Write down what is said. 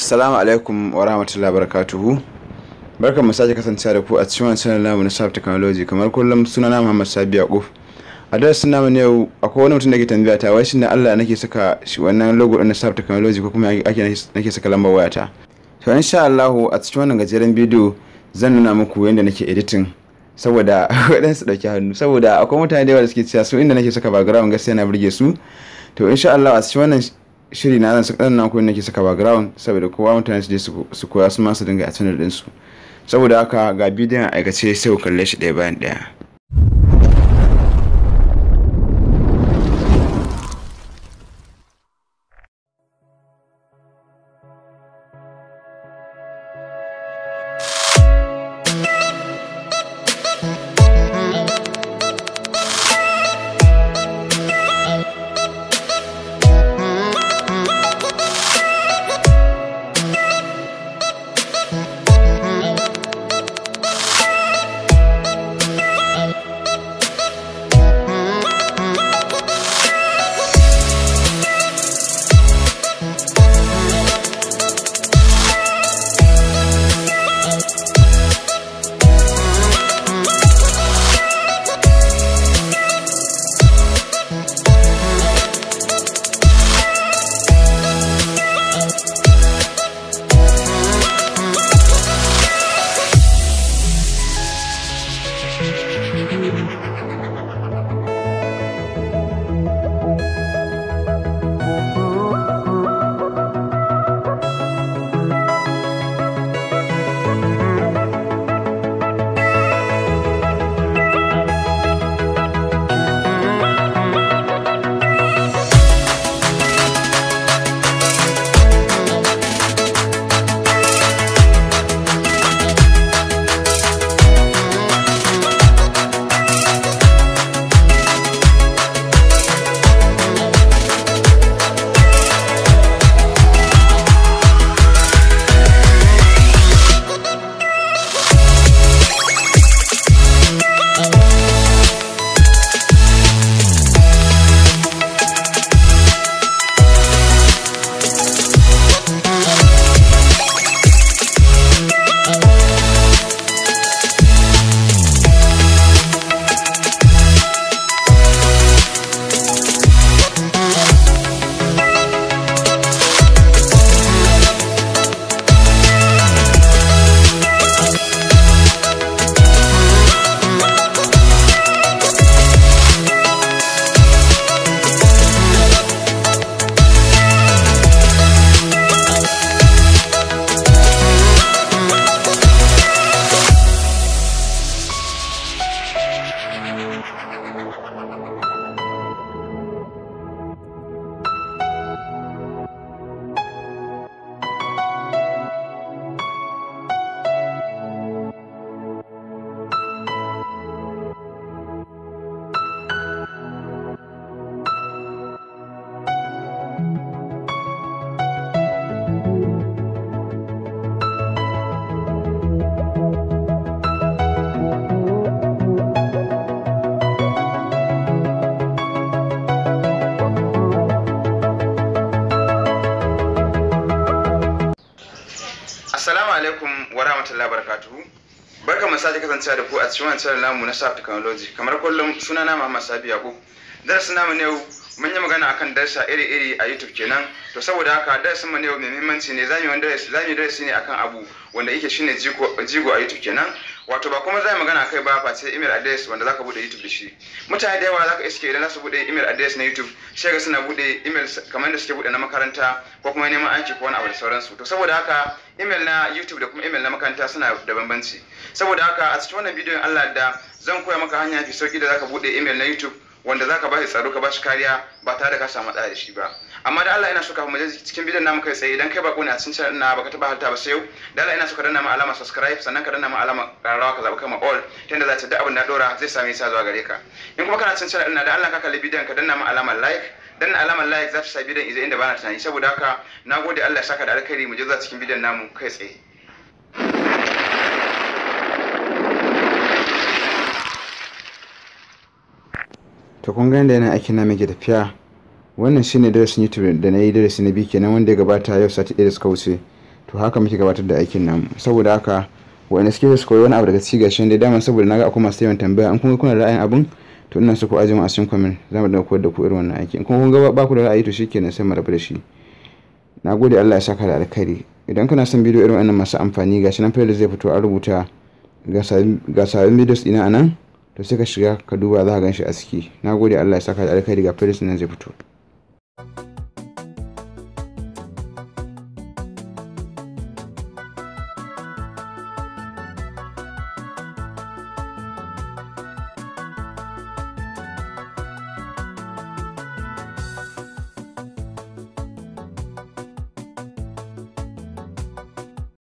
Assalamu alaikum wa rahmatullahi barakatuhu. Barkan mu sake kasancewa da ku a cikin wannan namu na Sharp Technology kamar kullum sunana Muhammad Sabi Yakub. A darasin namu ne yau akwai wani mutum da ke tambaya ta wai shin Allah nake saka wannan logo din na Sharp Technology ko kuma ake nake saka lambar wayata. To insha Allah a cikin wannan gajeren bidiyo zan nuna muku yadda nake editing saboda waɗansu ɗauki hannu saboda akwai mutane da yawa da suke cewa su inda nake saka background gaskiya na burge su to insha Allah a cikin wannan shiri na zan saka na koyi nake saka background saboda kowa mutane su je su koya su ma su dinga a channel din su saboda haka ga bidiyon aikace sai ku kalle shi daya bayan ɗaya Assalamu alaikum wa rahmatullahi barakatuhu. Barka mu sake kasancewa da ku a cikin wancan namu na Sharp Technology. Kamar kullum suna na Muhammad Sabi Yakub. Darasin namu ne mun yi magana akan darsa iri-iri a YouTube kenan. To saboda haka darasin mu ne mai muhimmanci ne zamu yi darasi zamu darasi ne akan abu wanda yake shine jigo jigo a YouTube kenan. wato ba kuma zai magana kai ba face email address wanda zaka bude YouTube da shi mutane da yawa zaka iske idan zasu bude email address na YouTube sai ga suna bude email kamar da suke bude na makaranta ko kuma neman aiki ko wani abu da sauransu to saboda haka email na YouTube da kuma email na makaranta suna da bambanci saboda haka a cikin wannan bidiyon Allah da zan koya maka hanya fi sauki da zaka bude email na YouTube wanda zaka ba shi tsaro ka ba kariya ba tare da ka samu da shi ba amma da Allah ina so ka mu je cikin bidiyon namu kai sai idan kai bako ne a cikin na baka taba halta ba sai yau da Allah ina so ka danna mu alama subscribe sannan ka danna mu alama ƙararrawa ka zaba kai ma all tunda za ta da abin da dora zai same sa zuwa gare ka in kuma kana cikin channel na da Allah ka kalli bidiyon ka danna mu alama like danna alama like za ta sa bidiyon idan inda bana tunani saboda haka nagode Allah ya saka da alkhairi mu je za cikin bidiyon namu kai tsaye to kun ga yadda yanayin aikin na mai tafiya wannan shine darasin youtube da na yi darasi na biyu kenan wanda ya gabata yau sati ɗaya da suka wuce to haka muke gabatar da aikin nan saboda haka wani suke su koyi wani abu daga cikin gashi da dama saboda na ga akwai masu yawan tambaya an kuma kuna ra'ayin abun to ina so ku aji mu a cikin comment zamu dinga koyar da ku irin wannan aiki kuma kun ga ba ku da ra'ayi to shikenan sai mu rabu da shi nagode Allah ya saka da alkhairi idan kana son bidiyo irin wannan masu amfani gashi nan playlist zai fito a rubuta ga sabon videos ina anan to sai ka shiga ka duba za ka gan shi a ciki nagode Allah ya saka da alkhairi ga playlist nan zai fito